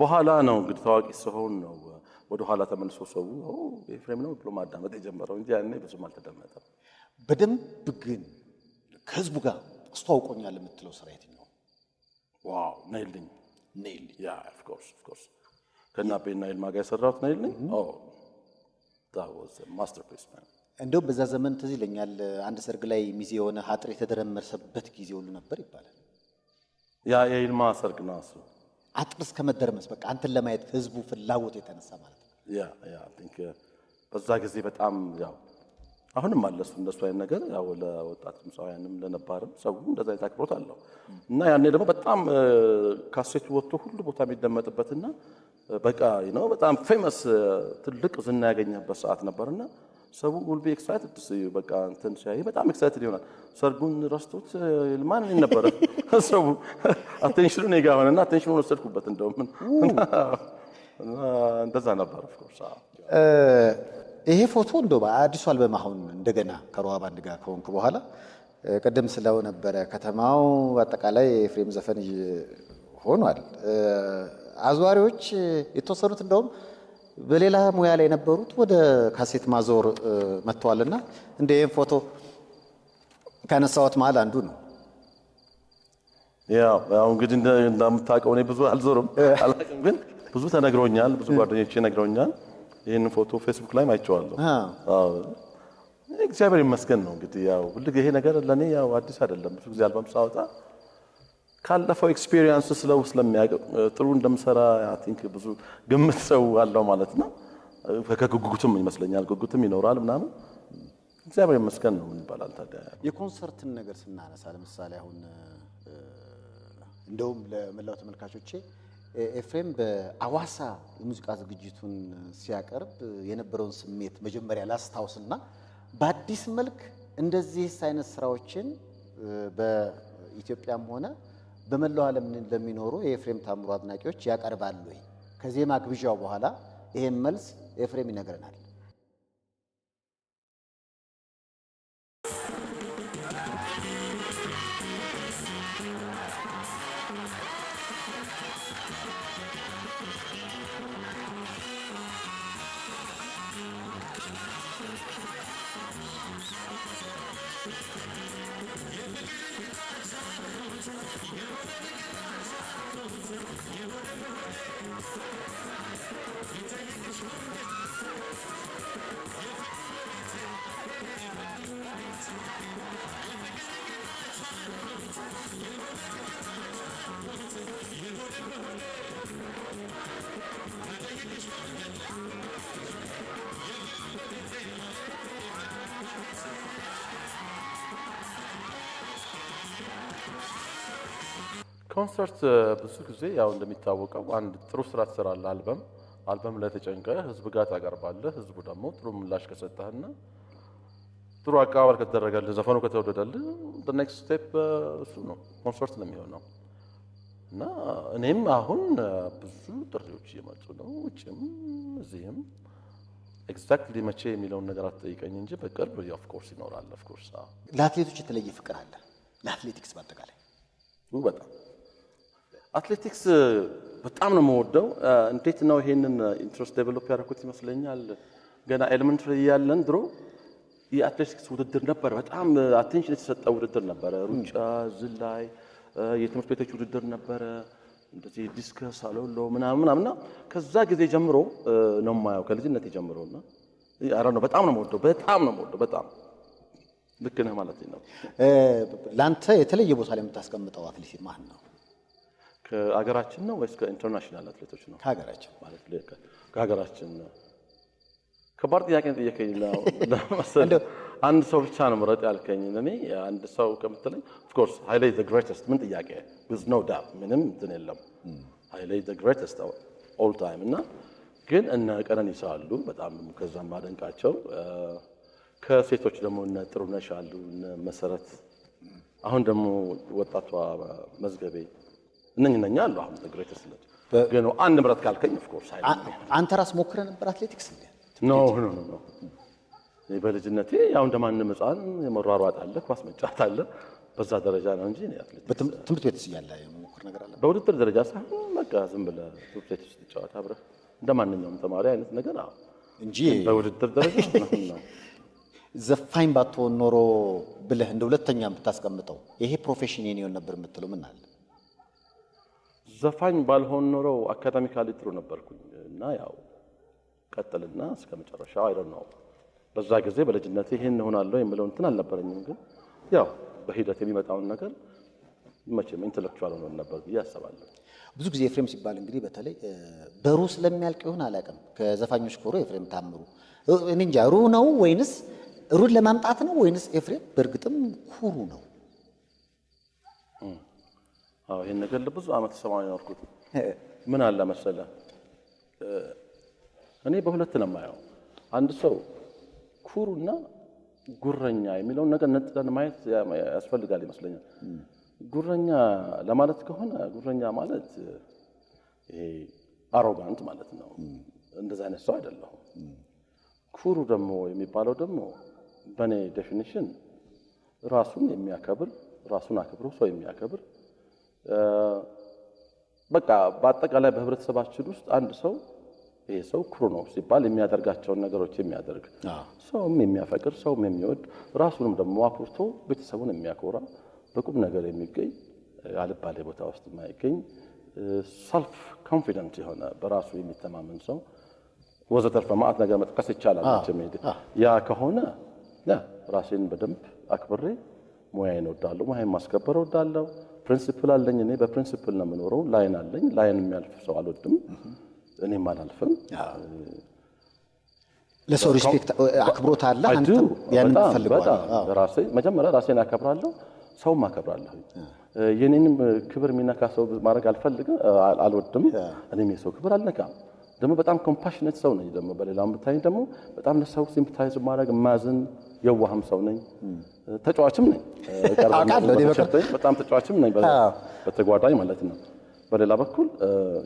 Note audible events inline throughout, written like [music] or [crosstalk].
በኋላ ነው እንግዲህ ታዋቂ ሲሆን ነው ወደ ኋላ ተመልሶ ሰው ኤፍሬም ነው ብሎ ማዳመጥ የጀመረው እንጂ ያኔ ብዙም አልተደመጠም። በደንብ ግን ከህዝቡ ጋር አስተዋውቆኛል የምትለው ስራ የትኛው? ዋው ናይልኝ ናይልኝ፣ ያ ኦፍ ኮርስ ኦፍ ኮርስ ከናቤ ናይል ማጋ የሰራሁት ናይልኝ፣ ማስተርፒስ እንደውም በዛ ዘመን ትዝ ይለኛል አንድ ሰርግ ላይ ሚዜ የሆነ ሀጥር የተደረመሰበት ጊዜ ሁሉ ነበር ይባላል። ያ የይልማ ሰርግ ነው እሱ እስከ ከመደርመስ በቃ አንተን ለማየት ህዝቡ ፍላጎት የተነሳ ማለት ነው። ያ ያ አይ ቲንክ uh, በዛ ጊዜ በጣም ያው አሁንም አለሱ እንደሱ አይነት ነገር ያው ለወጣት ድምፃውያንም ለነባርም ሰው እንደዛ አይነት አክብሮት አለው እና ያኔ ደግሞ በጣም uh, ካሴቱ ወጥቶ ሁሉ ቦታ የሚደመጥበትና በቃ ነው በጣም ፌመስ uh, ትልቅ ዝና ያገኘበት ሰዓት ነበርና ሰው ውል ቢ ኤክሳይትድ ሲ በቃ እንትን ሲያይ በጣም ኤክሳይትድ ይሆናል። ሰርጉን ረስቶት ማን ነበረ [laughs] ሰው አቴንሽኑ እኔ ጋ ሆነና አቴንሽኑን ወሰድኩበት። እንደውም እንደዛ ነበር። ይሄ ፎቶ እንደ በአዲሱ አልበም አሁን እንደገና ከሮሃ ባንድ ጋር ከሆንክ በኋላ ቅድም ስለው ነበረ ከተማው አጠቃላይ ፍሬም ዘፈን ሆኗል። አዝዋሪዎች የተወሰኑት እንደውም በሌላ ሙያ ላይ የነበሩት ወደ ካሴት ማዞር መጥተዋልና እንደ ይህም ፎቶ ከነሳዎት መሀል አንዱ ነው። ያው እንግዲህ እንደምታውቀው እኔ ብዙ አልዞርም አላውቅም፣ ግን ብዙ ተነግሮኛል፣ ብዙ ጓደኞች ነግረውኛል። ይህንን ፎቶ ፌስቡክ ላይ አይቼዋለሁ። እግዚአብሔር ይመስገን ነው እንግዲህ ያው ሁልጊዜ ይሄ ነገር ለእኔ ያው አዲስ አይደለም። ብዙ ጊዜ አልበም ሳወጣ ካለፈው ኤክስፒሪየንስ ስለው ስለሚያውቅ ጥሩ እንደምሰራ ቲንክ ብዙ ግምት ሰው አለው ማለት ነው። ከጉጉትም ይመስለኛል ጉጉትም ይኖራል ምናምን እግዚአብሔር ይመስገን ነው ይባላል። ታዲያ የኮንሰርትን ነገር ስናነሳ ለምሳሌ አሁን እንደውም ለመላው ተመልካቾቼ ኤፍሬም በአዋሳ የሙዚቃ ዝግጅቱን ሲያቀርብ የነበረውን ስሜት መጀመሪያ ላስታውስና በአዲስ መልክ እንደዚህ አይነት ስራዎችን በኢትዮጵያም ሆነ በመላው ዓለም ለሚኖሩ የኤፍሬም ታምሩ አድናቂዎች ያቀርባሉ ከዜማ ግብዣው በኋላ ይህም መልስ ኤፍሬም ይነግረናል። ኮንሰርት ብዙ ጊዜ ያው እንደሚታወቀው አንድ ጥሩ ስራ ትሰራለህ። አልበም አልበም ላይ ተጨንቀ ህዝብ ጋር ታቀርባለህ። ህዝቡ ደግሞ ጥሩ ምላሽ ከሰጠህና ጥሩ አቀባበል ከተደረገልህ፣ ዘፈኑ ከተወደደልህ ኔክስት ስቴፕ እሱ ነው ኮንሰርት ነው የሚሆነው። እና እኔም አሁን ብዙ ጥሪዎች እየመጡ ነው፣ ውጭም እዚህም። ኤግዛክትሊ መቼ የሚለውን ነገር አትጠይቀኝ እንጂ በቅርብ ኦፍኮርስ ይኖራል። ኦፍኮርስ ለአትሌቶች የተለየ ፍቅር አለ፣ ለአትሌቲክስ በአጠቃላይ በጣም አትሌቲክስ በጣም ነው የምወደው። እንዴት ነው ይሄንን ኢንትረስት ዴቨሎፕ ያደረኩት ይመስለኛል። ገና ኤሌመንትሪ እያለን ድሮ የአትሌቲክስ ውድድር ነበረ። በጣም አቴንሽን የተሰጠ ውድድር ነበረ። ሩጫ፣ ዝላይ፣ የትምህርት ቤቶች ውድድር ነበረ። እንደዚህ ዲስከስ አለሎ ምናምን ምናምና ከዛ ጊዜ ጀምሮ ነው የማየው ከልጅነት ጀምሮና አረ ነው በጣም ነው የምወደው። በጣም ነው የምወደው። በጣም ልክ ነህ ማለት ነው። ለአንተ የተለየ ቦታ ላይ የምታስቀምጠው አትሌት ማን ነው? ከአገራችን ነው ወይስ ከኢንተርናሽናል አትሌቶች ነው? ከሀገራችን ማለት ከሀገራችን ነው። ከባድ ጥያቄ ጠየቀኝ። [laughs] ለመሰለህ አንድ ሰው ብቻ ነው ምረጥ ያልከኝ። እኔ አንድ ሰው ከምትለኝ ኦፍኮርስ ሀይሌ ዘ ግሬተስት ምን ጥያቄ ዊዝ ኖ ዳብ ምንም እንትን የለም። ሀይሌ ዘ ግሬተስት ኦል ታይም እና ግን እነ ቀነኒሳ አሉ፣ በጣም ከዛም ማደንቃቸው። ከሴቶች ደግሞ እነ ጥሩነሽ አሉ፣ እነ መሰረት አሁን ደግሞ ወጣቷ መዝገቤ እነኝ ነኛ አሉ አሁን ግሬተስት ለት ግን አንድ ምረት ካልከኝ ኦፍ ኮርስ አይ አንተ ራስ ሞክረህ ነበር አትሌቲክስ እንዴ? ኖ ኖ ኖ በልጅነቴ ያው እንደማንም ሕፃን የመሯሯጥ አለ፣ ኳስ መጫወት አለ። በዛ ደረጃ ነው እንጂ ትምህርት ቤት እያለ የሞክር ነገር አለ። በውድድር ደረጃ ሳይሆን በቃ ዝም ብለህ ትምህርት ቤት ውስጥ ጨዋታ አብረህ እንደማንኛውም ተማሪ አይነት ነገር አዎ፣ እንጂ በውድድር ደረጃ [laughs] ዘፋኝ ባትሆን ኖሮ ብለህ እንደ ሁለተኛ ብታስቀምጠው ይሄ ፕሮፌሽን የኔ ይሆን ነበር የምትለው ምን አለ? ዘፋኝ ባልሆን ኖሮ አካዳሚካሊ ጥሩ ነበርኩኝ እና ያው ቀጥልና እስከ መጨረሻው አይደል ነው። በዛ ጊዜ በልጅነት ይህን እሆናለሁ የምለው እንትን አልነበረኝም። ግን ያው በሂደት የሚመጣውን ነገር መቼም ኢንተሌክቹዋል ሆኖ ነበር ብዬ አስባለሁ። ብዙ ጊዜ ኤፍሬም ሲባል እንግዲህ በተለይ በሩ ስለሚያልቅ ይሆን አላውቅም። ከዘፋኞች ኮሮ ኤፍሬም ታምሩ እኔ እንጃ ሩ ነው ወይንስ ሩን ለማምጣት ነው ወይንስ ኤፍሬም በእርግጥም ኩሩ ነው አዎ ይሄን ነገር ለብዙ አመት ሰማሁ የኖርኩት። ምን አለ መሰለ እኔ በሁለት ነው የማየው። አንድ ሰው ኩሩና ጉረኛ የሚለውን ነገር ነጥለን ማየት ያስፈልጋል ይመስለኛል። ጉረኛ ለማለት ከሆነ ጉረኛ ማለት ይሄ አሮጋንት ማለት ነው። እንደዛ አይነት ሰው አይደለሁም። ኩሩ ደግሞ የሚባለው ደግሞ በእኔ ዴፊኒሽን ራሱን የሚያከብር ራሱን አክብሮ ሰው የሚያከብር በቃ በአጠቃላይ በህብረተሰባችን ውስጥ አንድ ሰው ይሄ ሰው ኩሩ ነው ሲባል የሚያደርጋቸውን ነገሮች የሚያደርግ ሰውም የሚያፈቅር ሰውም የሚወድ ራሱንም ደግሞ አኩርቶ ቤተሰቡን የሚያኮራ በቁም ነገር የሚገኝ አልባሌ ቦታ ውስጥ የማይገኝ ሰልፍ ኮንፊደንት የሆነ በራሱ የሚተማመን ሰው ወዘተርፈ ማዕት ነገር መጥቀስ ይቻላል። ያ ከሆነ ራሴን በደንብ አክብሬ ሙያዬን እወዳለሁ፣ ሙያዬን ማስከበር እወዳለሁ። ፕሪንሲፕል አለኝ። እኔ በፕሪንሲፕል ነው የምኖረው። ላይን አለኝ። ላይን የሚያልፍ ሰው አልወድም፣ እኔም አላልፍም። ለሰው ሪስፔክት አክብሮት አለ። አንተም ያንን ራሴ መጀመሪያ ራሴን አከብራለሁ፣ ሰውም አከብራለሁ። የኔንም ክብር የሚነካ ሰው ማድረግ አልፈልግም፣ አልወድም። እኔም የሰው ክብር አልነካም። ደግሞ በጣም ኮምፓሽነት ሰው ነኝ። ደግሞ በሌላ ብታይ ደግሞ በጣም ለሰው ሲምፕታይዝ ማድረግ ማዝን የዋህም ሰው ነኝ፣ ተጫዋችም ነኝ። በጣም ተጫዋችም ነኝ በተጓዳኝ ማለት ነው። በሌላ በኩል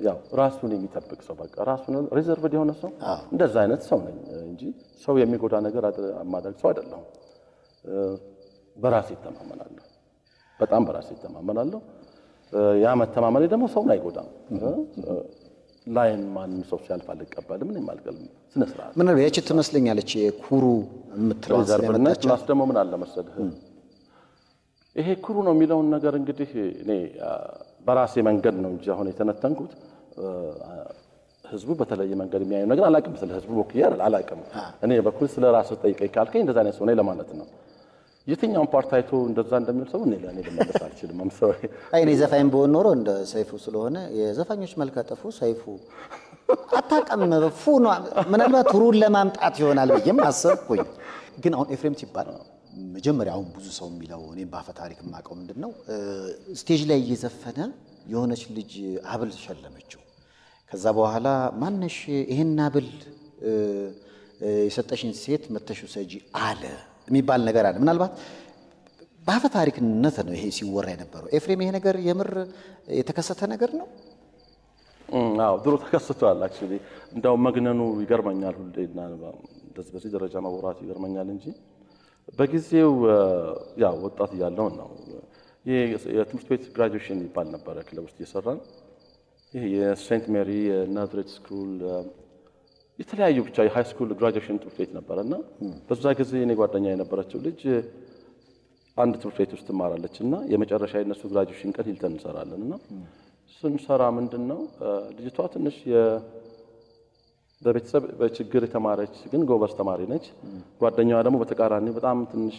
ያው ራሱን የሚጠብቅ ሰው በቃ ራሱን ሪዘርቭድ የሆነ ሰው እንደዛ አይነት ሰው ነኝ እንጂ ሰው የሚጎዳ ነገር ማድረግ ሰው አይደለሁም። በራሴ ይተማመናለሁ፣ በጣም በራሴ ይተማመናለሁ። ያ መተማመኔ ደግሞ ሰውን አይጎዳም። ላይን ማንም ሰው ሲያልፍ አልቀበልም። ምን ማልቀል ስነ ስርዓት ምን ያቺ ትመስለኛለች የኩሩ የምትለው ዘርብነት ፕላስ ደግሞ ምን አለ መሰለህ ይሄ ኩሩ ነው የሚለውን ነገር እንግዲህ እኔ በራሴ መንገድ ነው እንጂ አሁን የተነተንኩት ህዝቡ በተለየ መንገድ የሚያዩ ነገር አላቅም። ስለ ህዝቡ ወክዬ አላቅም። እኔ በኩል ስለ ራስህ ጠይቀኝ ካልከኝ እንደዛ አይነት ሰው ለማለት ነው። የትኛውን ፓርት አይቶ እንደዛ እንደሚል ሰው እኔ ለእኔ ልመለስ አልችልም። እኔ ዘፋኝ በሆን ኖሮ እንደ ሰይፉ ስለሆነ የዘፋኞች መልከጠፉ ሰይፉ አታውቅም ፉ ምናልባት ሩን ለማምጣት ይሆናል ብዬም አሰብኩኝ። ግን አሁን ኤፍሬም ሲባል መጀመሪያ አሁን ብዙ ሰው የሚለው እኔም በአፈ ታሪክ የማውቀው ምንድን ነው ስቴጅ ላይ እየዘፈነ የሆነች ልጅ አብል ተሸለመችው። ከዛ በኋላ ማነሽ ይሄን አብል የሰጠሽን ሴት መተሽ ሰጂ አለ የሚባል ነገር አለ። ምናልባት በአፈ ታሪክነት ነው ይሄ ሲወራ የነበረው። ኤፍሬም፣ ይሄ ነገር የምር የተከሰተ ነገር ነው? አዎ ድሮ ተከስቷል። አክቹዋሊ እንደው መግነኑ ይገርመኛል። ሁሌና በዚህ ደረጃ መውራት ይገርመኛል እንጂ በጊዜው ያው ወጣት እያለውን ነው የትምህርት ቤት ግራጁዌሽን ይባል ነበረ። ክለብ ውስጥ እየሰራን ይህ የሴንት ሜሪ የናዝሬት ስኩል የተለያዩ ብቻ የሃይ ስኩል ግራጁዌሽን ትምህርት ቤት ነበረ እና በዛ ጊዜ እኔ ጓደኛ የነበረችው ልጅ አንድ ትምህርት ቤት ውስጥ ትማራለች እና የመጨረሻ የነሱ ግራጁዌሽን ቀን ሂልተን እንሰራለን እና ስንሰራ ምንድን ነው ልጅቷ ትንሽ በቤተሰብ በችግር የተማረች ግን ጎበዝ ተማሪ ነች። ጓደኛዋ ደግሞ በተቃራኒ በጣም ትንሽ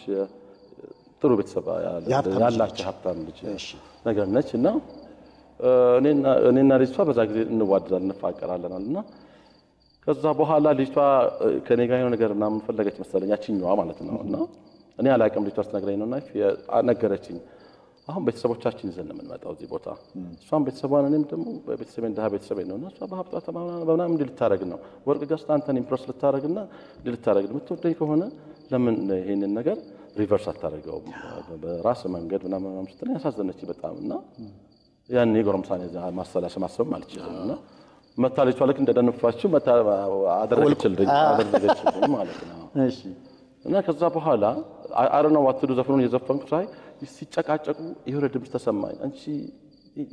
ጥሩ ቤተሰብ ያላቸው ሀብታም ልጅ ነገር ነች እና እኔና ልጅቷ በዛ ጊዜ እንዋደዳለን፣ እንፋቀራለናል እና ከዛ በኋላ ልጅቷ ከኔ ጋር ነገር ምናምን ፈለገች መሰለኝ ያችኛዋ ማለት ነው። እና እኔ አላቅም ልጅቷ ስትነግረኝ ነው እና ነገረችኝ። አሁን ቤተሰቦቻችን ይዘን ነው የምንመጣው እዚህ ቦታ። እሷም ቤተሰቧን እኔም ደግሞ ቤተሰቤን ድሀ ቤተሰቤ ነው እና እሷ በሀብቷ በምናምን እንዲህ ልታደረግ ነው ወርቅ ገዝታ አንተን ኢምፕረስ ልታደረግ ና እንዲህ ልታደረግ ነው። የምትወደኝ ከሆነ ለምን ይሄንን ነገር ሪቨርስ አታደርገውም? በራስ መንገድ ምናምን ስትል ያሳዘነች በጣም እና ያን የጎረምሳኔ ማሰላሰ ማሰብም አልችልም እና መታለች ልክ እንደደነፋችሁ አደረገችልኝ አደረገችልኝ ማለት ነው። [laughs] እሺ እና ከዛ በኋላ አረና ዋትዱ ዘፈኑን የዘፈንኩ ሳይ ሲጨቃጨቁ የሆነ ድምፅ ተሰማኝ። አንቺ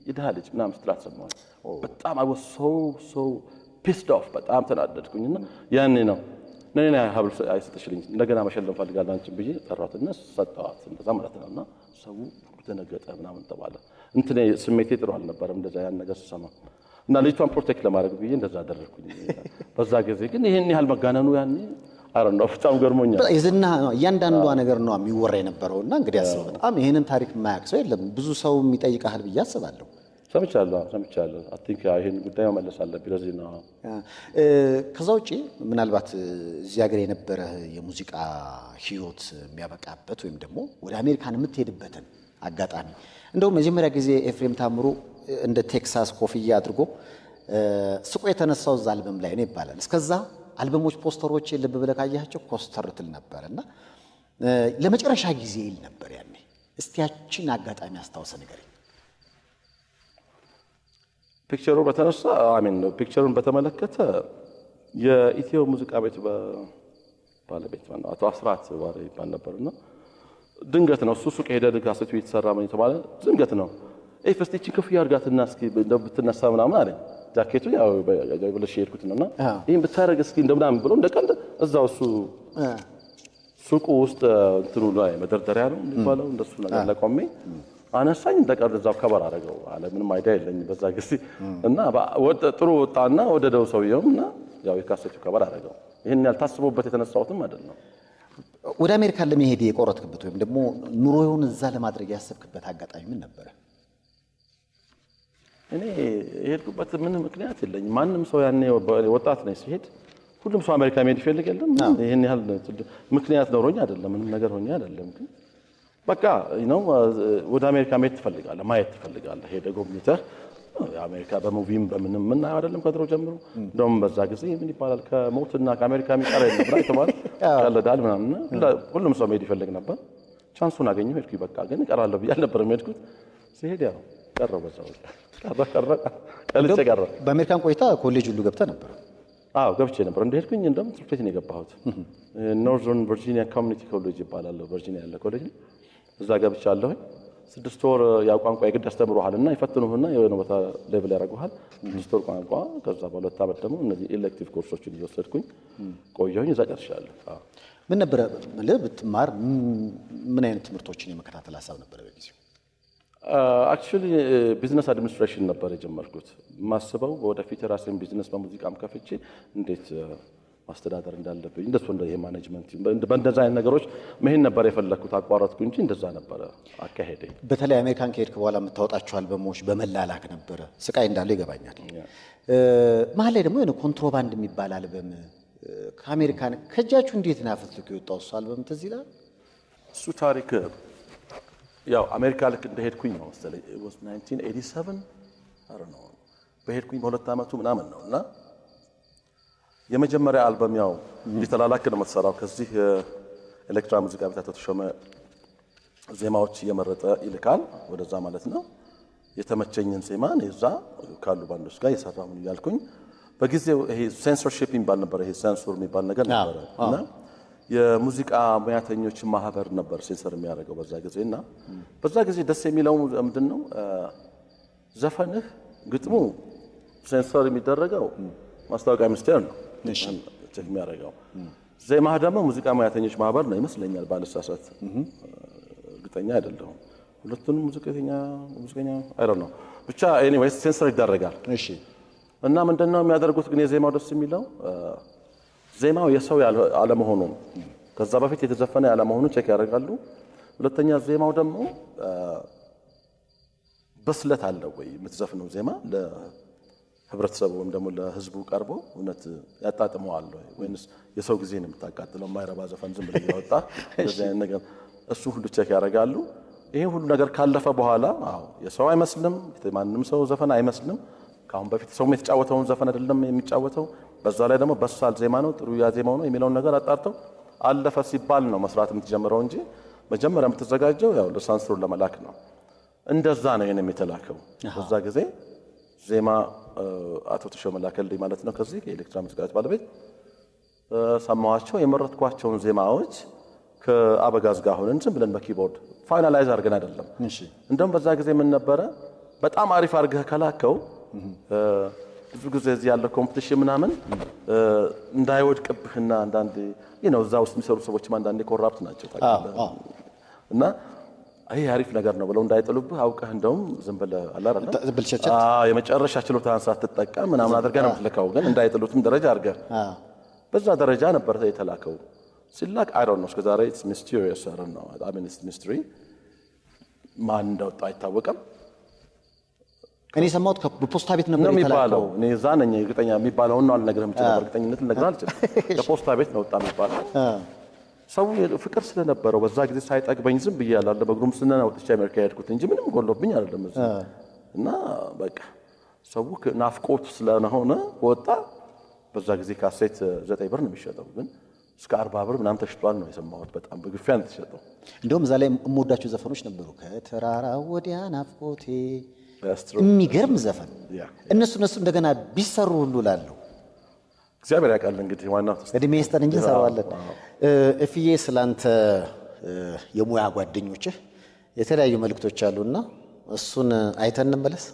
የድሃ ልጅ ምናምን ስትላት ሰማኝ። በጣም አይ ዋስ ሶ ሶ ፒስድ ኦፍ በጣም ተናደድኩኝ። እና ያኔ ነው ነኔ ሀብል አይሰጥሽልኝ እንደገና መሸለም ፈልጋለሁ አንቺን ብዬ ጠራት እና ሰጠዋት እንደዛ ማለት ነው። እና ሰው ደነገጠ ምናምን ተባለ። እንትኔ ስሜቴ ጥሩ አልነበረም እንደዛ ያን ነገር ስሰማ እና ልጅቷን ፕሮቴክት ለማድረግ ብዬ እንደዛ አደረግኩኝ። በዛ ጊዜ ግን ይህን ያህል መጋነኑ ያኔ አረ በጣም ገርሞኛል። የዝና እያንዳንዷ ነገር ነው የሚወራ የነበረው እና እንግዲህ አስበው፣ በጣም ይህንን ታሪክ የማያውቅ ሰው የለም። ብዙ ሰው የሚጠይቃህል ብዬ አስባለሁ። ሰምቻለሁ ሰምቻለሁ። ይህን ጉዳይ መመለስ አለብኝ። ለዚህ ነው ከዛ ውጭ ምናልባት እዚህ ሀገር የነበረ የሙዚቃ ህይወት የሚያበቃበት ወይም ደግሞ ወደ አሜሪካን የምትሄድበትን አጋጣሚ እንደውም መጀመሪያ ጊዜ ኤፍሬም ታምሩ እንደ ቴክሳስ ኮፍያ አድርጎ ስቆ የተነሳው እዛ አልበም ላይ ነው ይባላል። እስከዛ አልበሞች ፖስተሮች ልብ ብለህ ካያቸው ኮስተር ትል ነበር እና ለመጨረሻ ጊዜ ይል ነበር ያኔ። እስቲ ያችን አጋጣሚ አስታውሰ ነገር ፒክቸሩ በተነሳ አሚን ነው። ፒክቸሩን በተመለከተ የኢትዮ ሙዚቃ ቤት ባለቤት ነው አቶ አስራት ባ ይባል ነበርና ድንገት ነው እሱ ሱቅ ሄደ ድጋ ስትዩ የተሰራ ምን የተባለ ድንገት ነው ይህ ፈስቲቺ ክፍያ እርጋትና እስኪ እንደው ብትነሳ ምናምን አለኝ። ጃኬቱ ያው ብለሽ የሄድኩት ነውና ይህን ብታደርግ እስኪ እንደምናምን ብሎ እንደ ቀን እዛው እሱ ሱቁ ውስጥ እንትኑ ላይ መደርደሪያ ነው የሚባለው እንደሱ ነገር ለቆሜ አነሳኝ። እንደ ቀን እዛው ከበር አደረገው አለ። ምንም አይዲያ የለኝ በዛ ጊዜ እና ጥሩ ወጣና ወደደው ሰውየውም እና ያው የካሴቱ ከበር አደረገው። ይህን ያልታስቦበት የተነሳሁትም አይደል ነው። ወደ አሜሪካ ለመሄድ የቆረጥክበት ወይም ደግሞ ኑሮውን እዛ ለማድረግ ያሰብክበት አጋጣሚ ምን ነበረ? እኔ የሄድኩበት ምን ምክንያት የለኝ። ማንም ሰው ያኔ ወጣት ነኝ ሲሄድ ሁሉም ሰው አሜሪካ መሄድ ይፈልግ የለም። ይህን ያህል ምክንያት ኖሮኝ አይደለም፣ ምንም ነገር ሆኜ አይደለም። ግን በቃ ነው ወደ አሜሪካ መሄድ ትፈልጋለህ፣ ማየት ትፈልጋለህ። ሄደ ጎብኝተህ አሜሪካ በሙቪም በምንም ምን አይደለም ከድሮ ጀምሮ እንደውም በዛ ጊዜ ምን ይባላል ከሞትና ከአሜሪካ የሚቀር የለም የተባለ ቀለዳል ምናምን ሁሉም ሰው መሄድ ይፈልግ ነበር። ቻንሱን አገኘሁ ሄድኩኝ። በቃ ግን እቀራለሁ ብዬ አልነበረም የሄድኩት። ሲሄድ ያው ቀረው በዛው በአሜሪካን ቆይታ ኮሌጅ ሁሉ ገብተ ነበር? አዎ ገብቼ ነበር። እንደሄድኩኝ እንደም ትምህርት የገባሁት። ኖርዘርን ቨርጂኒያ ኮሚኒቲ ኮሌጅ ይባላለሁ ቨርጂኒያ ያለ ኮሌጅ እዛ ገብቻ ገብቻለሁኝ። ስድስት ወር ያው ቋንቋ የግድ እና ይፈትኑህና የሆነ ቦታ ሌቭል ያደርጉሃል። ስድስት ወር ቋንቋ፣ ከዛ በሁለት ዓመት ደግሞ እነዚህ ኤሌክቲቭ ኮርሶችን እየወሰድኩኝ ቆየሁኝ። እዛ ጨርሻለሁ። ምን ነበረ ብትማር ምን አይነት ትምህርቶችን የመከታተል ሀሳብ ነበረ በጊዜው? አክቹሊ ቢዝነስ አድሚኒስትሬሽን ነበር የጀመርኩት። ማስበው ወደፊት የራሴን ቢዝነስ በሙዚቃም ከፍቼ እንዴት ማስተዳደር እንዳለብኝ እንደሱ እንደ ይሄ ማኔጅመንት በእንደዛ አይነት ነገሮች መሄድ ነበር የፈለግኩት። አቋረጥኩ እንጂ እንደዛ ነበረ አካሄደ። በተለይ አሜሪካን ከሄድክ በኋላ የምታወጣቸው አልበሞች በመላላክ ነበረ። ስቃይ እንዳለው ይገባኛል። መሀል ላይ ደግሞ የሆነ ኮንትሮባንድ የሚባል አልበም ከአሜሪካን ከእጃችሁ እንዴት ናፈትልኩ የወጣው እሱ አልበም ትዝ ይላል። እሱ ታሪክ ያው አሜሪካ ልክ እንደሄድኩኝ ነው መሰለኝ 1987 ነው በሄድኩኝ በሁለት ዓመቱ ምናምን ነው እና የመጀመሪያ አልበም ያው እንዲተላላክ ነው የምትሰራው። ከዚህ ኤሌክትራ ሙዚቃ ቤት አቶ ዜማዎች እየመረጠ ይልካል ወደዛ ማለት ነው። የተመቸኝን ዜማ እዛ ካሉ ባንዶች ጋር የሰራሁን እያልኩኝ በጊዜው ይሄ ሴንሶርሺፕ የሚባል ነበር። ይሄ ሴንሱር የሚባል ነገር ነበረ እና የሙዚቃ ሙያተኞችን ማህበር ነበር ሴንሰር የሚያደርገው በዛ ጊዜ እና በዛ ጊዜ ደስ የሚለው ምንድን ነው ዘፈንህ ግጥሙ ሴንሰር የሚደረገው ማስታወቂያ ሚኒስቴር ነው የሚያደርገው። ዜማህ ደግሞ ሙዚቃ ሙያተኞች ማህበር ነው ይመስለኛል፣ ባለሳሳት እርግጠኛ አይደለሁም። ሁለቱንም ሙዚቀኛ ሙዚቀኛ አይደል ነው ብቻ ሴንሰር ይደረጋል እና ምንድነው የሚያደርጉት ግን የዜማው ደስ የሚለው ዜማው የሰው አለመሆኑ ከዛ በፊት የተዘፈነ ያለመሆኑ ቼክ ያደርጋሉ። ሁለተኛ ዜማው ደግሞ በስለት አለው ወይ የምትዘፍነው ዜማ ለህብረተሰቡ ወይም ደግሞ ለህዝቡ ቀርቦ እውነት ያጣጥመዋል ወይንስ የሰው ጊዜ ነው የምታቃጥለው? የማይረባ ዘፈን ዝም ብለህ እያወጣ [laughs] ነገር እሱ ሁሉ ቼክ ያደርጋሉ። ይህ ሁሉ ነገር ካለፈ በኋላ አዎ የሰው አይመስልም፣ ማንም ሰው ዘፈን አይመስልም። ከአሁን በፊት ሰው የተጫወተውን ዘፈን አይደለም የሚጫወተው በዛ ላይ ደግሞ በሳል ዜማ ነው ጥሩ ያዜማው ነው የሚለውን ነገር አጣርተው አለፈ ሲባል ነው መስራት የምትጀምረው እንጂ መጀመሪያ የምትዘጋጀው ያው ለሳንስሩን ለመላክ ነው። እንደዛ ነው ይህን የተላከው በዛ ጊዜ ዜማ አቶ ተሾመ ላከልኝ ማለት ነው። ከዚህ ከኤሌክትራ ሙዚቃዎች ባለቤት ሰማኋቸው። የመረጥኳቸውን ዜማዎች ከአበጋዝ ጋር ሆነን ዝም ብለን በኪቦርድ ፋይናላይዝ አድርገን አይደለም። እንደውም በዛ ጊዜ ምን ነበረ በጣም አሪፍ አድርገህ ከላከው ብዙ ጊዜ እዚህ ያለው ኮምፕቲሽን ምናምን እንዳይወድቅብህና አንዳንዴ ነው እዛ ውስጥ የሚሰሩ ሰዎችም አንዳንዴ ኮራፕት ናቸው እና ይሄ አሪፍ ነገር ነው ብለው እንዳይጥሉብህ አውቀህ እንደውም ዝም ብለህ የመጨረሻ ችሎታህን ሳትጠቀም ምናምን አድርገህ ነው የምትልከው። ግን እንዳይጥሉትም ደረጃ አድርገህ በዛ ደረጃ ነበር የተላከው። ሲላክ አይ ነው እስከዛሬ እስከ ዛሬ ኢትስ ሚስቴሪየስ ሚስትሪ ማን እንደወጣ አይታወቀም እኔ ሰማሁት በፖስታ ቤት ነበር የሚባለው። እኔ እዛ ነኝ እርግጠኛ የሚባለው ነው አልነግርህም ይችላል እርግጠኝነት ልነግርህ አልችልም። ከፖስታ [laughs] ቤት ነው ወጣ የሚባለው። ሰው ፍቅር ስለነበረው በዛ ጊዜ ሳይጠግበኝ ዝም ብዬ ያላለ በግሩም ስነና ነው ወጥቼ አሜሪካ ሄድኩት እንጂ ምንም ጎሎብኝ አይደለም እዚህ እና በቃ ሰው ናፍቆት ስለሆነ ወጣ። በዛ ጊዜ ካሴት ዘጠኝ ብር ነው የሚሸጠው ግን እስከ አርባ ብር ምናምን ተሽጧል ነው የሰማሁት። በጣም በግፊያ ነው የተሸጠው። እንደውም እዛ ላይ የምወዳቸው ዘፈኖች ነበሩ ከተራራ ወዲያ ናፍቆቴ የሚገርም ዘፈን እነሱ እነሱ እንደገና ቢሰሩ ሁሉ ላለው እግዚአብሔር ያውቃል። እንግዲህ ዋና እድሜ ይስጠን እንጂ እንሰራዋለን። እፍዬ ስላንተ የሙያ ጓደኞችህ የተለያዩ መልክቶች አሉና እሱን አይተን እንመለስ።